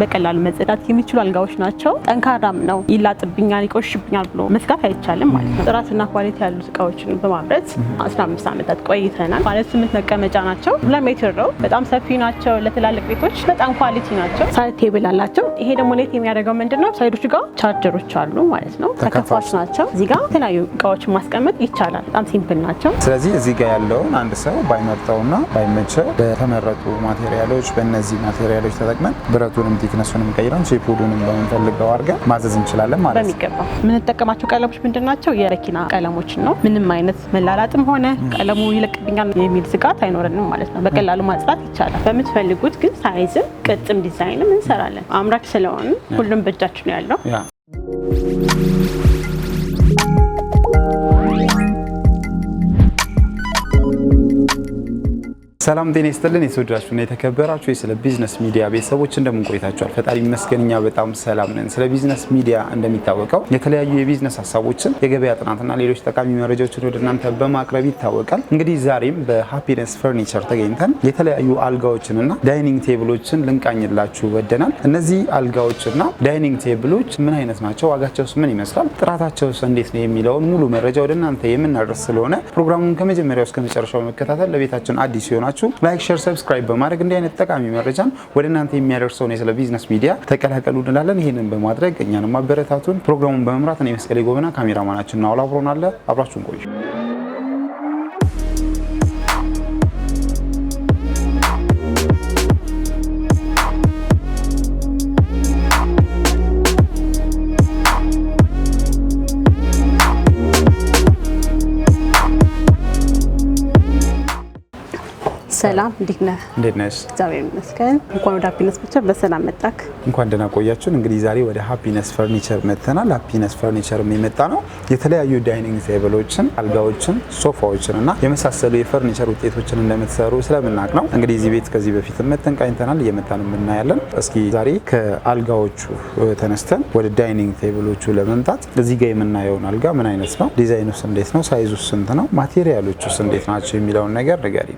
በቀላሉ መጸዳት የሚችሉ አልጋዎች ናቸው። ጠንካራም ነው። ይላጥብኛል፣ ይቆሽብኛል ብሎ መስጋት አይቻልም ማለት ነው። ጥራትና ኳሊቲ ያሉት እቃዎችን በማምረት 15 ዓመታት ቆይተናል። ባለ ስምንት መቀመጫ ናቸው። ሁለት ሜትር ነው። በጣም ሰፊ ናቸው። ለትላልቅ ቤቶች በጣም ኳሊቲ ናቸው። ሳይድ ቴብል አላቸው። ይሄ ደግሞ ሌት የሚያደርገው ምንድን ነው? ሳይዶች ጋር ቻርጀሮች አሉ ማለት ነው። ተከፋች ናቸው። እዚህ ጋር የተለያዩ እቃዎችን ማስቀመጥ ይቻላል። በጣም ሲምፕል ናቸው። ስለዚህ እዚህ ጋር ያለውን አንድ ሰው ባይመርጠውና ባይመቸው በተመረጡ ማቴሪያሎች፣ በእነዚህ ማቴሪያሎች ተጠቅመን ብረቱንም ቲክነሱንም ቀይረን ሼፕውዱንም በምንፈልገው አድርገን ማዘዝ እንችላለን ማለት ነው። በሚገባ የምንጠቀማቸው ቀለሞች ምንድን ናቸው? የረኪና ቀለሞች ነው። ምንም አይነት መላላጥም ሆነ ቀለሙ ይለቅብኛል የሚል ስጋት አይኖረንም ማለት ነው። በቀላሉ ማጽዳት ይቻላል። በምትፈልጉት ግን ሳይዝም ቅጥም ዲዛይንም እንሰራለን። አምራች ስለሆን ሁሉም በእጃችን ያለው ሰላም ጤና ይስጥልን። የተወደዳችሁና የተከበራችሁ ስለ ቢዝነስ ሚዲያ ቤተሰቦች እንደምን ቆይታችኋል? ፈጣሪ ይመስገን በጣም ሰላም ነን። ስለ ቢዝነስ ሚዲያ እንደሚታወቀው የተለያዩ የቢዝነስ ሀሳቦችን፣ የገበያ ጥናትና ሌሎች ጠቃሚ መረጃዎችን ወደ እናንተ በማቅረብ ይታወቃል። እንግዲህ ዛሬም በሃፒነስ ፈርኒቸር ተገኝተን የተለያዩ አልጋዎችንና ዳይኒንግ ቴብሎችን ልንቃኝላችሁ ወደናል። እነዚህ አልጋዎችና ዳይኒንግ ቴብሎች ምን አይነት ናቸው? ዋጋቸውስ ምን ይመስላል? ጥራታቸውስ እንዴት ነው? የሚለውን ሙሉ መረጃ ወደ እናንተ የምናደርስ ስለሆነ ፕሮግራሙን ከመጀመሪያው እስከ መጨረሻው መከታተል ለቤታችን አዲስ ይሆናል ከሆናችሁ ላይክ፣ ሼር፣ ሰብስክራይብ በማድረግ እንዲህ አይነት ጠቃሚ መረጃን ወደ እናንተ የሚያደርሰውን የስለ ቢዝነስ ሚዲያ ተቀላቀሉ እንላለን። ይህንን በማድረግ እኛንም አበረታቱን። ፕሮግራሙን በመምራት እኔ መስቀሌ ጎበና፣ ካሜራማናችን ናውላ አብሮናለ። አብራችሁን ቆዩ። ሰላም እንዴት ነህ? እንዴት ነሽ? እግዚአብሔር ይመስገን። እንኳን ወደ ሃፒነስ ፈርኒቸር በሰላም መጣክ። እንኳን ደህና ቆያችሁን። እንግዲህ ዛሬ ወደ ሃፒነስ ፈርኒቸር መጥተናል። ሃፒነስ ፈርኒቸር የመጣ ነው የተለያዩ ዳይኒንግ ቴብሎችን፣ አልጋዎችን፣ ሶፋዎችን እና የመሳሰሉ የፈርኒቸር ውጤቶችን እንደምትሰሩ ስለምናውቅ ነው። እንግዲህ እዚህ ቤት ከዚህ በፊት መጥተን ቃኝተናል፣ እየመጣን እናያለን። እስኪ ዛሬ ከአልጋዎቹ ተነስተን ወደ ዳይኒንግ ቴብሎቹ ለመምጣት እዚህ ጋር የምናየውን አልጋ ምን አይነት ነው? ዲዛይኑስ እንዴት ነው? ሳይዙስ ስንት ነው? ማቴሪያሎቹስ እንዴት ናቸው? የሚለውን ነገር ንገሪ።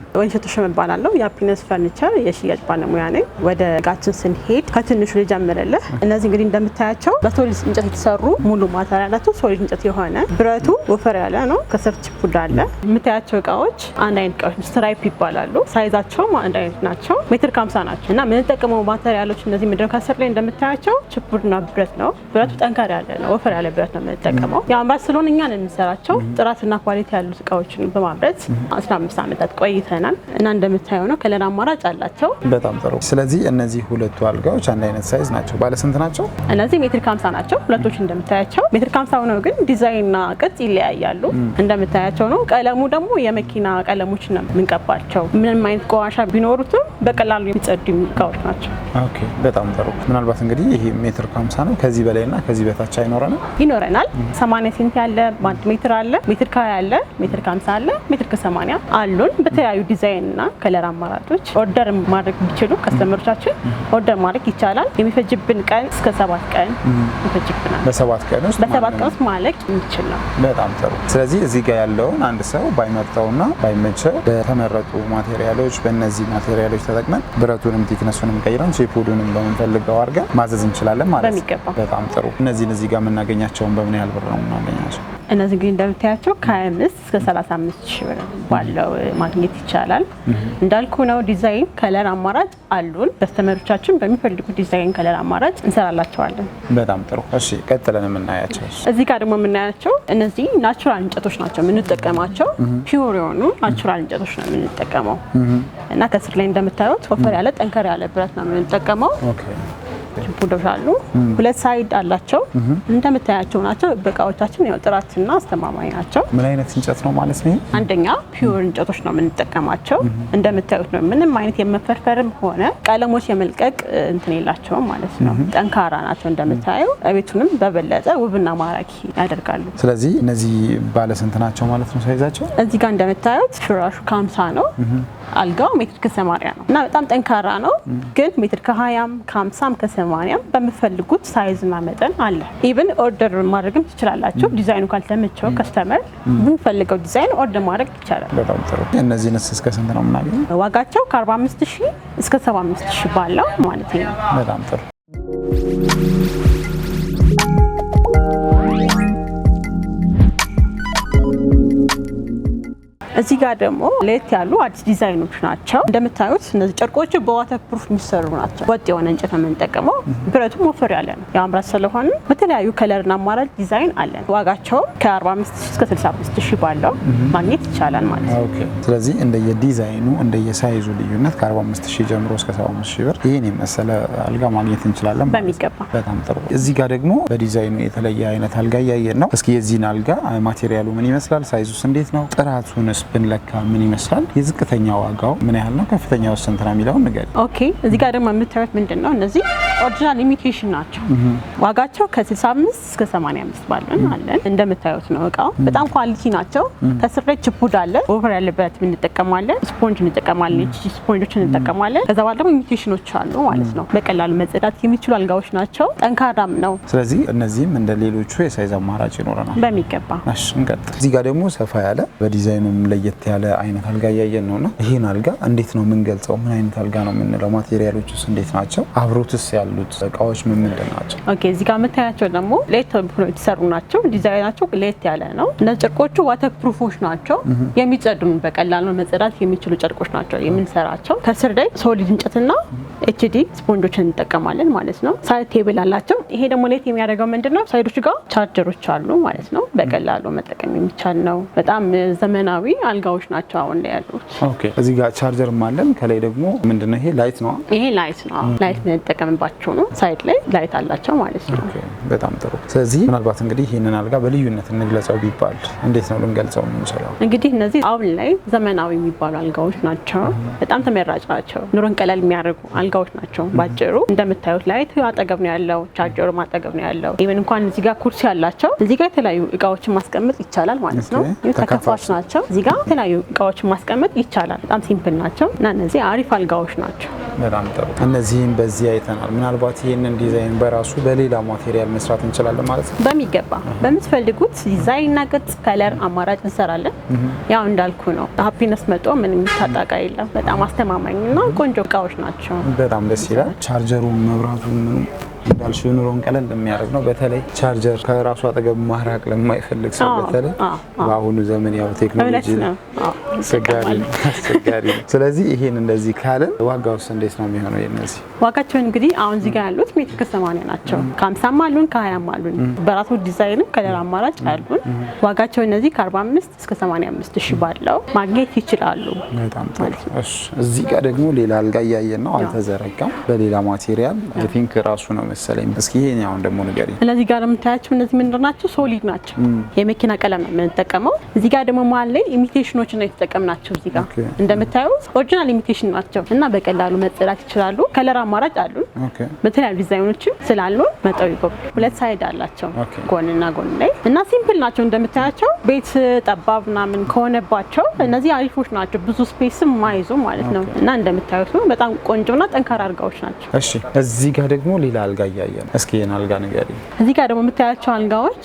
እባላለሁ። የሀፒነስ ፈርኒቸር የሽያጭ ባለሙያ ነኝ። ወደ ጋችን ስንሄድ ከትንሹ ልጀምርልህ። እነዚህ እንግዲህ እንደምታያቸው በሶሊድ እንጨት የተሰሩ ሙሉ ማተሪያላቸው ሶሊድ እንጨት የሆነ ብረቱ ወፈር ያለ ነው። ከስር ችፑድ አለ። የምታያቸው እቃዎች አንድ አይነት እቃዎች ስትራይፕ ይባላሉ። ሳይዛቸውም አንድ አይነት ናቸው። ሜትር ከሀምሳ ናቸው እና የምንጠቀመው ማተሪያሎች እነዚህ ምድረ ከስር ላይ እንደምታያቸው ችፑድና ብረት ነው። ብረቱ ጠንካር ያለ ነው። ወፈር ያለ ብረት ነው የምንጠቀመው። የአምራት ስለሆነ እኛ ነን የምንሰራቸው ጥራትና ኳሊቲ ያሉት እቃዎችን በማምረት 15 ዓመታት ቆይተናል እና እንደ እንደምታየው ነው። ከለር አማራጭ አላቸው። በጣም ጥሩ። ስለዚህ እነዚህ ሁለቱ አልጋዎች አንድ አይነት ሳይዝ ናቸው። ባለስንት ናቸው? እነዚህ ሜትር ከሀምሳ ናቸው። ሁለቶች እንደምታያቸው ሜትር ከሀምሳ ሆነው ግን ዲዛይንና ቅርጽ ይለያያሉ። እንደምታያቸው ነው። ቀለሙ ደግሞ የመኪና ቀለሞች ነው የምንቀባቸው። ምንም አይነት ቆሻሻ ቢኖሩትም በቀላሉ የሚጸዱ እቃዎች ናቸው። ኦኬ፣ በጣም ጥሩ። ምናልባት እንግዲህ ይሄ ሜትር ከሀምሳ ነው። ከዚህ በላይና ከዚህ በታች አይኖረንም? ይኖረናል። ሰማንያ ሴንቲ አለ፣ አንድ ሜትር አለ፣ ሜትር ከሀያ አለ፣ ሜትር ከሀምሳ አለ፣ ሜትር ከሰማንያ አሉን። በተለያዩ ዲዛይንና ከለር አማራጮች ኦርደር ማድረግ ቢችሉ ከስተመሮቻችን ኦርደር ማድረግ ይቻላል። የሚፈጅብን ቀን እስከ ሰባት ቀን ይፈጅብናል። በሰባት ቀን ውስጥ በሰባት ቀን ውስጥ ማለቅ የሚችል ነው። በጣም ጥሩ። ስለዚህ እዚህ ጋር ያለውን አንድ ሰው ባይመርጠውና ባይመቸው በተመረጡ ማቴሪያሎች፣ በእነዚህ ማቴሪያሎች ተጠቅመን ብረቱንም ቲክነሱንም ቀይረን ሼፑዱንም በምንፈልገው አድርገን ማዘዝ እንችላለን ማለት ነው። በሚገባ በጣም ጥሩ። እነዚህን እዚህ ጋር የምናገኛቸውን በምን ያህል ብር ነው የምናገኛቸው? እነዚህ እንግዲህ እንደምታያቸው ከ25 እስከ 35 ሺህ ብር ባለው ማግኘት ይቻላል። እንዳልኩ ነው ዲዛይን ከለር አማራጭ አሉን። በስተመሮቻችን በሚፈልጉ ዲዛይን ከለር አማራጭ እንሰራላቸዋለን። በጣም ጥሩ። እሺ፣ ቀጥለን የምናያቸው እዚህ ጋር ደግሞ የምናያቸው እነዚህ ናቹራል እንጨቶች ናቸው የምንጠቀማቸው። ፒዮር የሆኑ ናቹራል እንጨቶች ነው የምንጠቀመው እና ከስር ላይ እንደምታዩት ወፈር ያለ ጠንከር ያለ ብረት ነው የምንጠቀመው። ቡዶች አሉ። ሁለት ሳይድ አላቸው። እንደምታያቸው ናቸው። እቃዎቻችን ያው ጥራትና አስተማማኝ ናቸው። ምን አይነት እንጨት ነው ማለት ነው? አንደኛ ፒውር እንጨቶች ነው የምንጠቀማቸው። እንደምታዩት ነው። ምንም አይነት የመፈርፈርም ሆነ ቀለሞች የመልቀቅ እንትን የላቸውም ማለት ነው። ጠንካራ ናቸው። እንደምታየው ቤቱንም በበለጠ ውብና ማራኪ ያደርጋሉ። ስለዚህ እነዚህ ባለስንት ናቸው ማለት ነው ሳይዛቸው? እዚህ ጋር እንደምታዩት ፍራሹ ከሀምሳ ነው አልጋው ሜትር ከ80 ነው እና በጣም ጠንካራ ነው። ግን ሜትር ከ ከ50 ከ80 በምፈልጉት ሳይዝና መጠን አለ። ኢቭን ኦርደር ማድረግም ትችላላችሁ። ዲዛይኑ ካልተመቸው ከስተመር ብንፈልገው ዲዛይን ኦርደር ማድረግ ይቻላል። በጣም ጥሩ። እነዚህ ነስ እስከ ስንት ነው ምናገኝ? ዋጋቸው ከ45 ሺህ እስከ 75 ሺህ ባለው ማለት ነው። በጣም ጥሩ። እዚህ ጋር ደግሞ ለየት ያሉ አዲስ ዲዛይኖች ናቸው። እንደምታዩት እነዚህ ጨርቆች በዋተር ፕሩፍ የሚሰሩ ናቸው። ወጥ የሆነ እንጨት የምንጠቀመው ብረቱ ወፈር ያለ ነው። የአምራት ስለሆነ በተለያዩ ከለርና አማራጭ ዲዛይን አለን። ዋጋቸውም ከ45 እስከ 65 ሺህ ባለው ማግኘት ይቻላል ማለት ነው። ስለዚህ እንደየዲዛይኑ እንደየሳይዙ ልዩነት ከ45 ሺህ ጀምሮ እስከ 75 ሺህ ብር ይህን የመሰለ አልጋ ማግኘት እንችላለን። በሚገባ በጣም ጥሩ። እዚህ ጋር ደግሞ በዲዛይኑ የተለየ አይነት አልጋ እያየን ነው። እስኪ የዚህን አልጋ ማቴሪያሉ ምን ይመስላል? ሳይዙስ እንዴት ነው? ጥራቱንስ ውስጥ ብንለካ ምን ይመስላል? የዝቅተኛ ዋጋው ምን ያህል ነው? ከፍተኛ ስንት ነው የሚለውን ንገሪኝ። ኦኬ፣ እዚህ ጋር ደግሞ የምታዩት ምንድን ነው? እነዚህ ኦሪጂናል ኢሚቴሽን ናቸው። ዋጋቸው ከ65 እስከ 85 ባለን አለን። እንደምታዩት ነው እቃው በጣም ኳሊቲ ናቸው። ከስር ላይ ችፑድ አለ። ኦቨር ያለበት እንጠቀማለን፣ ስፖንጅ እንጠቀማለን፣ የቺ ስፖንጆች እንጠቀማለን። ከዛ ባለ ደግሞ ኢሚቴሽኖች አሉ ማለት ነው። በቀላሉ መጸዳት የሚችሉ አልጋዎች ናቸው። ጠንካራም ነው። ስለዚህ እነዚህም እንደ ሌሎቹ የሳይዝ አማራጭ ይኖረናል በሚገባ። እሺ፣ እንቀጥል። እዚህ ጋር ደግሞ ሰፋ ያለ በዲዛይኑም ላይ ለየት ያለ አይነት አልጋ እያየን ነው እና ይህን አልጋ እንዴት ነው የምንገልጸው? ምን አይነት አልጋ ነው የምንለው? ማቴሪያሎች ውስጥ እንዴት ናቸው? አብሮትስ ያሉት እቃዎች ምን ምንድን ናቸው? ኦኬ እዚህ ጋር የምታያቸው ደግሞ ለየት ብሎ የተሰሩ ናቸው። ዲዛይናቸው ለየት ያለ ነው። እነ ጨርቆቹ ዋተር ፕሩፎች ናቸው። የሚጸዱም በቀላሉ መጸዳት የሚችሉ ጨርቆች ናቸው የምንሰራቸው። ከስር ላይ ሶሊድ እንጨትና ኤችዲ ስፖንጆችን እንጠቀማለን ማለት ነው። ሳይድ ቴብል አላቸው። ይሄ ደግሞ ሌት የሚያደርገው ምንድን ነው? ሳይዶች ጋር ቻርጀሮች አሉ ማለት ነው። በቀላሉ መጠቀም የሚቻል ነው። በጣም ዘመናዊ አልጋዎች ናቸው አሁን ላይ ያሉት። እዚህ ጋር ቻርጀር አለን። ከላይ ደግሞ ምንድነው? ይሄ ላይት ነው። ይሄ ላይት ነው። ላይት የምንጠቀምባቸው ነው። ሳይድ ላይ ላይት አላቸው ማለት ነው። በጣም ጥሩ። ስለዚህ ምናልባት እንግዲህ ይህንን አልጋ በልዩነት እንግለጸው ቢባል እንዴት ነው ልንገልጸው የምንችለው? እንግዲህ እነዚህ አሁን ላይ ዘመናዊ የሚባሉ አልጋዎች ናቸው። በጣም ተመራጭ ናቸው። ኑሮን ቀለል የሚያደርጉ አልጋዎች ናቸው። ባጭሩ እንደምታዩት ላይ አጠገብ ነው ያለው፣ ቻርጀሩ አጠገብ ነው ያለው። ኢቨን እንኳን እዚህ ጋር ኩርሲ ያላቸው እዚህ ጋር የተለያዩ እቃዎችን ማስቀመጥ ይቻላል ማለት ነው። ተከፋች ናቸው። እዚህ ጋር የተለያዩ እቃዎችን ማስቀመጥ ይቻላል። በጣም ሲምፕል ናቸው እና እነዚህ አሪፍ አልጋዎች ናቸው። በጣም ጥሩ። እነዚህም በዚህ አይተናል። ምናልባት ይህንን ዲዛይን በራሱ በሌላ ማቴሪያል መስራት እንችላለን ማለት ነው። በሚገባ በምትፈልጉት ዲዛይንና ቅርጽ፣ ከለር አማራጭ እንሰራለን። ያው እንዳልኩ ነው ሀፒነስ መጦ ምንም የሚታጣቃ የለም። በጣም አስተማማኝና ቆንጆ እቃዎች ናቸው። በጣም ደስ ይላል። ቻርጀሩ፣ መብራቱ፣ ምኑ እንዳልሽው ኑሮን ቀለል የሚያደርግ ነው። በተለይ ቻርጀር ከራሱ አጠገብ ማራቅ ለማይፈልግ ሰው በተለይ በአሁኑ ዘመን ያው ቴክኖሎጂ አስቸጋሪ ነው። ስለዚህ ይሄን እንደዚህ ካለን ዋጋውስ እንዴት ነው የሚሆነው? የነዚህ ዋጋቸው እንግዲህ አሁን እዚህ ጋር ያሉት ሜትር ከሰማንያ ናቸው። ከሀምሳም አሉን ከሀያም አሉን። በራሱ ዲዛይንም ከለር አማራጭ አሉን። ዋጋቸው እነዚህ ከአርባ አምስት እስከ ሰማንያ አምስት ሺህ ባለው ማግኘት ይችላሉ። በጣም ጥሩ። እዚህ ጋር ደግሞ ሌላ አልጋ እያየን ነው፣ አልተዘረጋም። በሌላ ማቴሪያል አይ ቲንክ ራሱ ነው መሰለኝ። እስኪ ይሄን አሁን ደግሞ ንገሪኝ። እነዚህ ጋር የምታያቸው እነዚህ ምንድን ናቸው? ሶሊድ ናቸው። የመኪና ቀለም ነው የምንጠቀመው። እዚህ ጋር ደግሞ መሀል ላይ ኢሚቴሽኖች ነው የተጠቀምናቸው። እዚህ ጋር እንደምታዩት ኦሪጂናል ኢሚቴሽን ናቸው እና በቀላሉ መጽዳት ይችላሉ። ከለር አማራጭ አሉ። በተለያዩ ዲዛይኖችም ስላሉ መጠው ይጎብ። ሁለት ሳይድ አላቸው ጎንና ጎን ላይ እና ሲምፕል ናቸው እንደምታያቸው። ቤት ጠባብ ምናምን ከሆነባቸው እነዚህ አሪፎች ናቸው። ብዙ ስፔስም ማይዙ ማለት ነው እና እንደምታዩት በጣም ቆንጆና ጠንካራ አልጋዎች ናቸው። እሺ እዚህ ጋር ደግሞ ሌላ አልጋ እያየ ነው። እስኪ ይህን አልጋ ንገሪ። እዚህ ጋር ደግሞ የምታያቸው አልጋዎች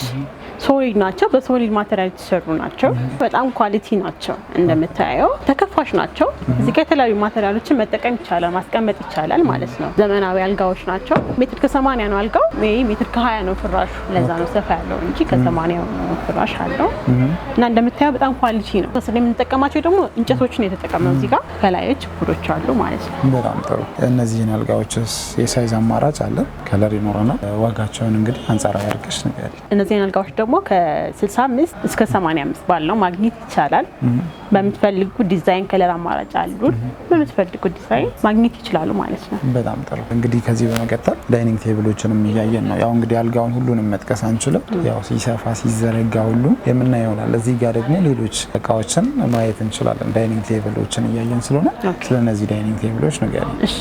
ሶሊድ ናቸው። በሶሊድ ማቴሪያል የተሰሩ ናቸው። በጣም ኳሊቲ ናቸው። እንደምታየው ተከፋሽ ናቸው። እዚህ ጋር የተለያዩ ማቴሪያሎችን መጠቀም ይቻላል፣ ማስቀመጥ ይቻላል ማለት ነው። ዘመናዊ አልጋዎች ናቸው። ሜትር ከሰማንያ ነው አልጋው፣ ሜትር ከሀያ ነው ፍራሹ። ለዛ ነው ሰፋ ያለው እንጂ ከሰማንያ ፍራሽ አለው እና እንደምታየው በጣም ኳሊቲ ነው። ስ የምንጠቀማቸው ደግሞ እንጨቶችን የተጠቀመው እዚህ ጋር ከላዮች ቡዶች አሉ ማለት ነው። በጣም ጥሩ። እነዚህን አልጋዎች የሳይዝ አማራጭ አለ? ከለር ይኖረናል። ዋጋቸውን እንግዲህ አንጻራዊ አድርገሽ ንገሪኝ። እነዚህን አልጋዎች ደግሞ ደግሞ ከ65 እስከ 85 ባለው ማግኘት ይቻላል። በምትፈልጉ ዲዛይን ከለር አማራጭ አሉን። በምትፈልጉ ዲዛይን ማግኘት ይችላሉ ማለት ነው። በጣም ጥሩ። እንግዲህ ከዚህ በመቀጠል ዳይኒንግ ቴብሎችንም እያየን ነው። ያው እንግዲህ አልጋውን ሁሉንም መጥቀስ አንችልም። ያው ሲሰፋ ሲዘረጋ ሁሉ የምናየው ይሆናል። እዚህ ጋር ደግሞ ሌሎች እቃዎችን ማየት እንችላለን። ዳይኒንግ ቴብሎችን እያየን ስለሆነ ስለነዚህ ዳይኒንግ ቴብሎች ንገሪኝ።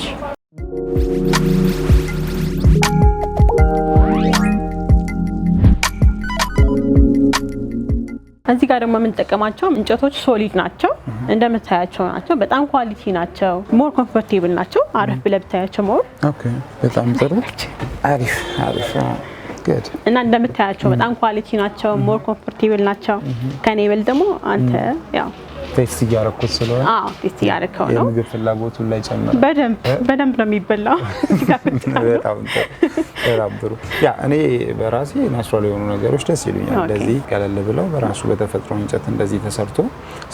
እዚህ ጋር ደግሞ የምንጠቀማቸው እንጨቶች ሶሊድ ናቸው፣ እንደምታያቸው ናቸው። በጣም ኳሊቲ ናቸው። ሞር ኮምፎርቴብል ናቸው። አረፍ ብለህ ብታያቸው ሞር። በጣም ጥሩ አሪፍ አሪፍ እና እንደምታያቸው በጣም ኳሊቲ ናቸው። ሞር ኮምፎርቴብል ናቸው። ከኔ ይበል ደግሞ አንተ ያው ቴስት እያረኩት ስለሆነ ቴስት እያረከው ነው። የምግብ ፍላጎቱን ላይ ጨምራል። በደንብ ነው የሚበላው። በጣም ያ እኔ በራሴ ናቹራል የሆኑ ነገሮች ደስ ይሉኛል። እንደዚህ ቀለል ብለው በራሱ በተፈጥሮ እንጨት እንደዚህ ተሰርቶ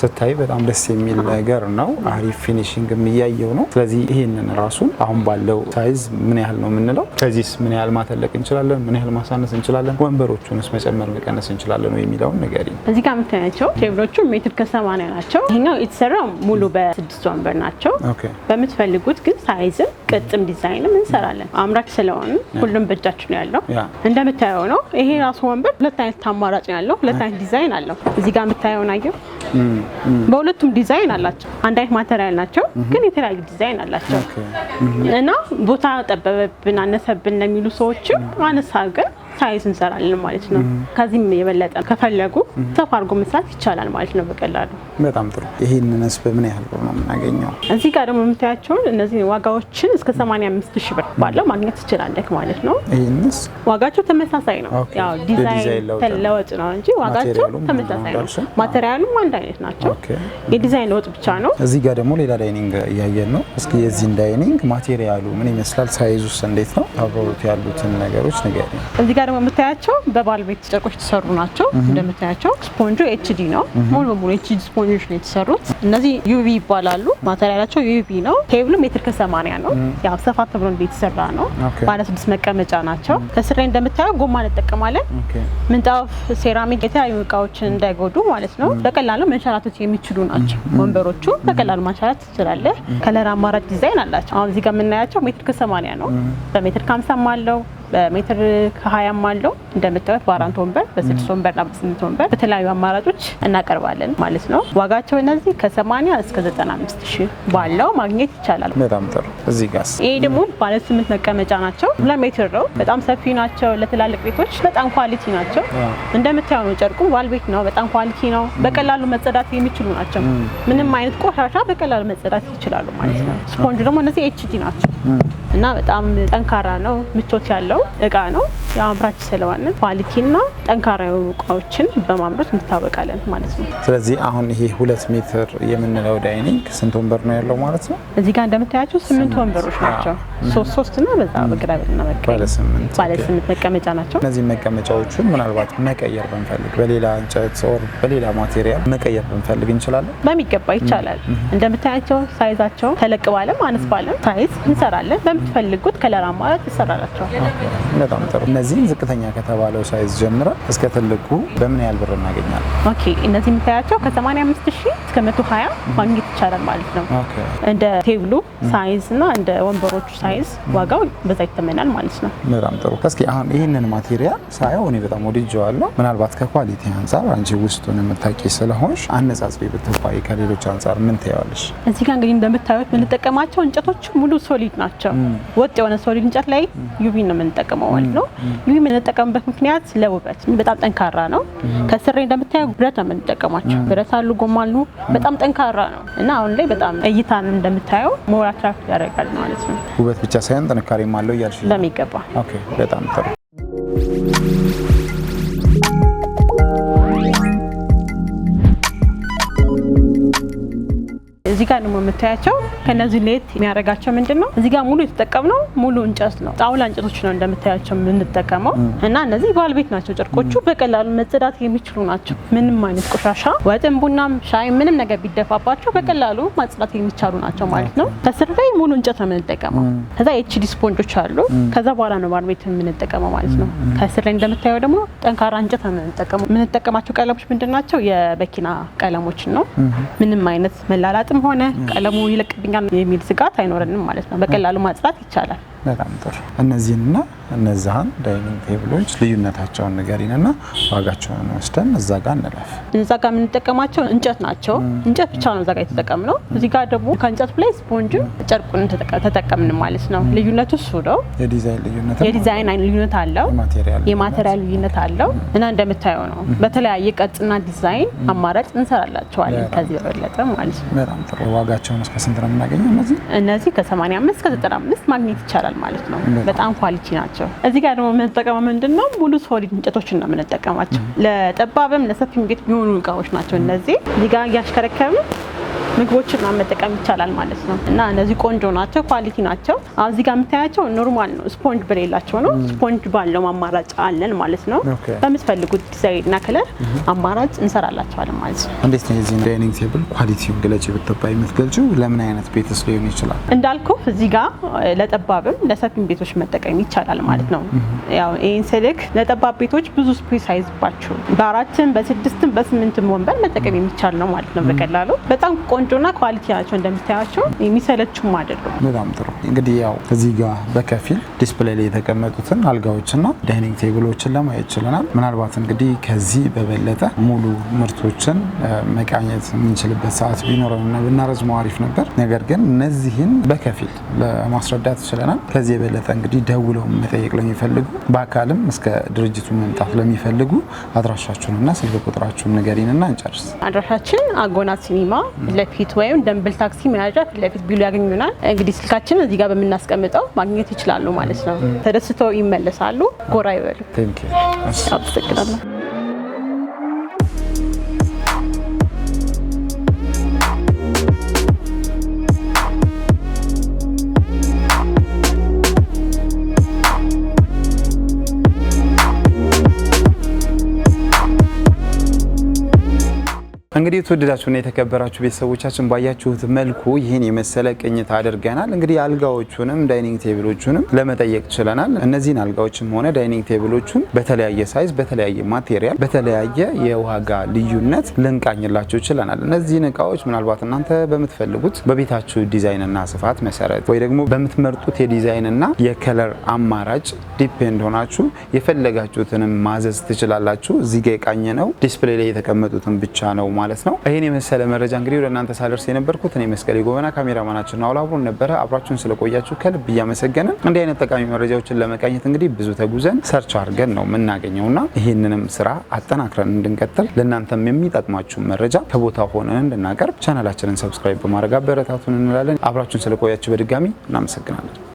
ስታይ በጣም ደስ የሚል ነገር ነው። አሪፍ ፊኒሽንግ የሚያየው ነው። ስለዚህ ይህንን ራሱን አሁን ባለው ሳይዝ ምን ያህል ነው የምንለው፣ ከዚህስ ምን ያህል ማተለቅ እንችላለን፣ ምን ያህል ማሳነስ እንችላለን፣ ወንበሮቹንስ መጨመር መቀነስ እንችላለን ወይ የሚለውን ነገር እዚህ ጋር የምታያቸው ቴብሎቹ ሜትር ከሰማንያ ናቸው። ይሄኛው የተሰራው ሙሉ በስድስት ወንበር ናቸው። በምትፈልጉት ግን ሳይዝም ቅጥም ዲዛይንም እንሰራለን። አምራች ስለሆን ሁሉም በእጃችን ነው ያለው። እንደምታየው ነው። ይሄ ራሱ ወንበር ሁለት አይነት አማራጭ ነው ያለው። ሁለት አይነት ዲዛይን አለው። እዚህ ጋር የምታየው ናየ በሁለቱም ዲዛይን አላቸው። አንድ አይነት ማቴሪያል ናቸው፣ ግን የተለያዩ ዲዛይን አላቸው እና ቦታ ጠበበብን አነሰብን ለሚሉ ሰዎችም አነሳ ግን ሳይዝ እንሰራለን ማለት ነው። ከዚህም የበለጠ ከፈለጉ ሰፋ አድርጎ መስራት ይቻላል ማለት ነው በቀላሉ። በጣም ጥሩ። ይህንንስ በምን ያህል ነው የምናገኘው? እዚህ ጋር ደግሞ የምታያቸውን እነዚህ ዋጋዎችን እስከ 85 ሺ ብር ባለው ማግኘት ትችላለህ ማለት ነው። ይህንስ ዋጋቸው ተመሳሳይ ነው። ያው ዲዛይን ተለወጥ ነው እንጂ ዋጋቸው ተመሳሳይ ነው። ማቴሪያሉም አንድ አይነት ናቸው። የዲዛይን ለውጥ ብቻ ነው። እዚህ ጋር ደግሞ ሌላ ዳይኒንግ እያየን ነው። እስኪ የዚህን ዳይኒንግ ማቴሪያሉ ምን ይመስላል? ሳይዝ ውስጥ እንዴት ነው? አብሮት ያሉትን ነገሮች ንገሪኝ። ደግሞ የምታያቸው በባልቤት ጨርቆች የተሰሩ ናቸው። እንደምታያቸው ስፖንጆ ኤችዲ ነው። ሙሉ በሙሉ ኤችዲ ስፖንጆች ነው የተሰሩት። እነዚህ ዩቪ ይባላሉ። ማቴሪያላቸው ዩቪ ነው። ቴብሉ ሜትር ከሰማንያ ነው። ያው ሰፋ ተብሎ የተሰራ ነው። ባለ ስድስት መቀመጫ ናቸው። ከስር ላይ እንደምታየው ጎማ እንጠቀማለን። ምንጣፍ፣ ሴራሚክ የተለያዩ እቃዎችን እንዳይጎዱ ማለት ነው። በቀላሉ መንሸራቶች የሚችሉ ናቸው። ወንበሮቹ በቀላሉ ማንሸራት ትችላለህ። ከለር አማራጭ ዲዛይን አላቸው። አሁን እዚህ ጋር የምናያቸው ሜትር ከሰማንያ ነው። በሜትር ከሀምሳም አለው በሜትር ከሀያም አለው እንደምታዩት በአራት ወንበር፣ በስድስት ወንበር እና በስምንት ወንበር በተለያዩ አማራጮች እናቀርባለን ማለት ነው። ዋጋቸው እነዚህ ከ80 እስከ 95 ሺህ ባለው ማግኘት ይቻላል። በጣም ጥሩ እዚህ ጋር ይሄ ደግሞ ባለ ስምንት መቀመጫ ናቸው። ለሜትር ነው። በጣም ሰፊ ናቸው። ለትላልቅ ቤቶች በጣም ኳሊቲ ናቸው። እንደምታየው ነው። ጨርቁ ዋልቤት ነው። በጣም ኳሊቲ ነው። በቀላሉ መጸዳት የሚችሉ ናቸው። ምንም አይነት ቆሻሻ በቀላሉ መጸዳት ይችላሉ ማለት ነው። ስፖንጅ ደግሞ እነዚህ ኤችዲ ናቸው እና በጣም ጠንካራ ነው። ምቾት ያለው እቃ ነው። የአምራች ስለሆነ ኳሊቲና ጠንካራ የሆኑ እቃዎችን በማምረት እንታወቃለን ማለት ነው። ስለዚህ አሁን ይሄ ሁለት ሜትር የምንለው ዳይኒንግ ስንት ወንበር ነው ያለው ማለት ነው? እዚህ ጋር እንደምታያቸው ስምንት ወንበሮች ናቸው። ሶስት ሶስት እና በዛ በግራ እና ባለ ስምንት መቀመጫ ናቸው። እነዚህ መቀመጫዎቹን ምናልባት መቀየር ብንፈልግ በሌላ እንጨት ጾር በሌላ ማቴሪያል መቀየር ብንፈልግ እንችላለን። በሚገባ ይቻላል። እንደምታያቸው ሳይዛቸው ተለቅ ባለም አነስ ባለም ሳይዝ እንሰራለን። በምትፈልጉት ከለር አማራጭ ይሰራላቸዋል። በጣም ጥሩ። እነዚህም ዝቅተኛ ከተባለው ሳይዝ ጀምረ እስከ ትልቁ በምን ያህል ብር እናገኛለን? ኦኬ እነዚህ የምታያቸው ከ85 ሺህ እስከ 120 ማግኘት ይቻላል ማለት ነው እንደ ቴብሉ ሳይዝ እንደ ወንበሮቹ ሳይዝ ዋጋው በዛ ይተመናል ማለት ነው። በጣም ጥሩ። እስኪ አሁን ይህንን ማቴሪያል ሳየው እኔ በጣም ወድጀዋለሁ። ምናልባት ከኳሊቲ አንጻር አንቺ ውስጡን የምታውቂ ስለሆንሽ አነጻጽ ብትባይ ከሌሎች አንጻር ምን ትያዋለሽ? እዚህ ጋር እንግዲህ እንደምታዩት የምንጠቀማቸው እንጨቶች ሙሉ ሶሊድ ናቸው። ወጥ የሆነ ሶሊድ እንጨት ላይ ዩቪ ነው የምንጠቀመው ማለት ነው። ዩቪ የምንጠቀምበት ምክንያት ለውበት በጣም ጠንካራ ነው። ከስሬ እንደምታየው ብረት ነው የምንጠቀማቸው። ብረት አሉ፣ ጎማ አሉ። በጣም ጠንካራ ነው እና አሁን ላይ በጣም እይታን እንደምታየው ሞራ ትራፊክ ያደረገ ይታወቃል ማለት ነው። ውበት ብቻ ሳይሆን ጥንካሬም አለው እያልሽ በሚገባ። በጣም ጥሩ እዚህ ጋር ደግሞ የምታያቸው ከነዚህ ለየት የሚያደርጋቸው ምንድን ነው? እዚህ ጋር ሙሉ የተጠቀምነው ሙሉ እንጨት ነው። ጣውላ እንጨቶች ነው እንደምታያቸው የምንጠቀመው እና እነዚህ ባልቤት ናቸው። ጨርቆቹ በቀላሉ መጽዳት የሚችሉ ናቸው። ምንም አይነት ቆሻሻ ወጥም፣ ቡናም፣ ሻይ ምንም ነገር ቢደፋባቸው በቀላሉ ማጽዳት የሚቻሉ ናቸው ማለት ነው። ከስር ላይ ሙሉ እንጨት ነው የምንጠቀመው። ከዛ ኤችዲ ስፖንጆች አሉ። ከዛ በኋላ ነው ባልቤት የምንጠቀመው ማለት ነው። ከስር ላይ እንደምታየው ደግሞ ጠንካራ እንጨት ነው የምንጠቀመው። የምንጠቀማቸው ቀለሞች ምንድን ናቸው? የበኪና ቀለሞችን ነው። ምንም አይነት መላላጥም ከሆነ ቀለሙ ይለቅብኛል የሚል ስጋት አይኖረንም ማለት ነው። በቀላሉ ማጽዳት ይቻላል። በጣም ጥሩ። እነዚህንና እነዚህን ዳይኒንግ ቴብሎች ልዩነታቸውን ንገሪንና ዋጋቸውን ወስደን እዛ ጋር እንለፍ። እዛ ጋር የምንጠቀማቸው እንጨት ናቸው። እንጨት ብቻ ነው እዛ ጋር የተጠቀምነው። እዚህ ጋር ደግሞ ከእንጨት ላይ ስፖንጅን ጨርቁን ተጠቀምን ማለት ነው። ልዩነቱ እሱ ነው። የዲዛይን ልዩነት አለው፣ የማቴሪያል ልዩነት አለው እና እንደምታየው ነው። በተለያየ ቀጥና ዲዛይን አማራጭ እንሰራላቸዋለን ከዚህ በበለጠ ማለት ነው። ዋጋቸውን እስከ ስንት ነው የምናገኘው? እነዚህ ከ85 እስከ 95 ማግኘት ይቻላል። ይችላል ማለት ነው። በጣም ኳሊቲ ናቸው። እዚህ ጋር ደግሞ የምንጠቀመው ምንድን ነው? ሙሉ ሶሊድ እንጨቶችን ነው የምንጠቀማቸው። ለጠባብም ለሰፊም ቤት የሚሆኑ እቃዎች ናቸው እነዚህ። እዚህ ጋር ምግቦችን መጠቀም ይቻላል ማለት ነው። እና እነዚህ ቆንጆ ናቸው፣ ኳሊቲ ናቸው። አሁን እዚህ ጋር የምታያቸው ኖርማል ነው፣ ስፖንጅ በሌላቸው ነው። ስፖንጅ ባለው አማራጭ አለን ማለት ነው። በምትፈልጉት ዲዛይን እና አማራጭ እንሰራላቸዋለን ማለት ነው። እንዴት ነው የዚህ ዳይኒንግ ቴብል ግለጭ ብትባይ ለምን አይነት ቤትስ ሊሆን ይችላል? እንዳልኩ እዚህ ጋር ለጠባብም ለሰፊም ቤቶች መጠቀም ይቻላል ማለት ነው። ያው ይህን ስልክ ለጠባብ ቤቶች ብዙ ስፔስ አይዝባቸው በአራትም በስድስትም በስምንትም ወንበር መጠቀም የሚቻል ነው ማለት ነው በቀላሉ በጣም ቆንጆ ቆንጆና ኳሊቲ ናቸው። እንደምታያቸው የሚሰለችም አይደሉም። በጣም ጥሩ። እንግዲህ ያው እዚህ ጋር በከፊል ዲስፕሌይ ላይ የተቀመጡትን አልጋዎችና ዳይኒንግ ቴብሎችን ለማየት ችለናል። ምናልባት እንግዲህ ከዚህ በበለጠ ሙሉ ምርቶችን መቃኘት የምንችልበት ሰዓት ቢኖረንና ብናረዝመው አሪፍ ነበር። ነገር ግን እነዚህን በከፊል ለማስረዳት ችለናል። ከዚህ የበለጠ እንግዲህ ደውለው መጠየቅ ለሚፈልጉ በአካልም እስከ ድርጅቱ መምጣት ለሚፈልጉ አድራሻችሁንና ስልክ ቁጥራችሁን ና እንጨርስ። አድራሻችን አጎና ሲኒማ ኪት ወይም ደንብል ታክሲ መያዣ ፊት ለፊት ቢሉ ያገኙናል። እንግዲህ ስልካችን እዚህ ጋር በምናስቀምጠው ማግኘት ይችላሉ ማለት ነው። ተደስተው ይመለሳሉ። ጎራ ይበሉ። አመሰግናለሁ። እንግዲህ የተወደዳችሁና የተከበራችሁ ቤተሰቦቻችን ባያችሁት መልኩ ይህን የመሰለ ቅኝት አድርገናል። እንግዲህ አልጋዎቹንም ዳይኒንግ ቴብሎቹንም ለመጠየቅ ችለናል። እነዚህን አልጋዎችም ሆነ ዳይኒንግ ቴብሎቹን በተለያየ ሳይዝ፣ በተለያየ ማቴሪያል፣ በተለያየ የዋጋ ልዩነት ልንቃኝላችሁ ችለናል። እነዚህን እቃዎች ምናልባት እናንተ በምትፈልጉት በቤታችሁ ዲዛይንና ስፋት መሰረት ወይ ደግሞ በምትመርጡት የዲዛይንና የከለር አማራጭ ዲፔንድ ሆናችሁ የፈለጋችሁትንም ማዘዝ ትችላላችሁ። እዚህ ጋ የቃኘ ነው ዲስፕሌይ ላይ የተቀመጡትን ብቻ ነው ማለት ነው። ይህን የመሰለ መረጃ እንግዲህ ወደ እናንተ ሳደርስ የነበርኩት እኔ መስቀሌ ጎበና፣ ካሜራማናችን ናውል አብሮን ነበረ። አብራችሁን ስለቆያችሁ ከልብ እያመሰገንን እንዲህ አይነት ጠቃሚ መረጃዎችን ለመቃኘት እንግዲህ ብዙ ተጉዘን ሰርች አድርገን ነው የምናገኘውና ይህንንም ስራ አጠናክረን እንድንቀጥል ለእናንተም የሚጠቅማችሁን መረጃ ከቦታው ሆነን እንድናቀርብ ቻናላችንን ሰብስክራይብ በማድረግ አበረታቱን እንላለን። አብራችሁን ስለቆያችሁ በድጋሚ እናመሰግናለን።